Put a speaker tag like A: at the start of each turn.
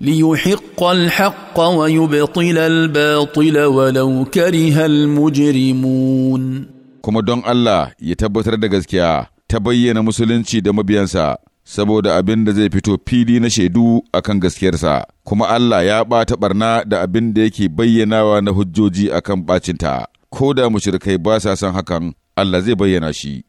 A: ليحق الحق ويبطل الباطل ولو كره المجرمون
B: kuma don Allah ya tabbatar da gaskiya ta bayyana musulunci da mabiyansa saboda abin da zai fito fili na shaidu akan gaskiyarsa kuma Allah ya ɓata barna da abin da yake bayyanawa na hujjoji akan bacinta ko da mushrikai ba sa son hakan Allah zai bayyana shi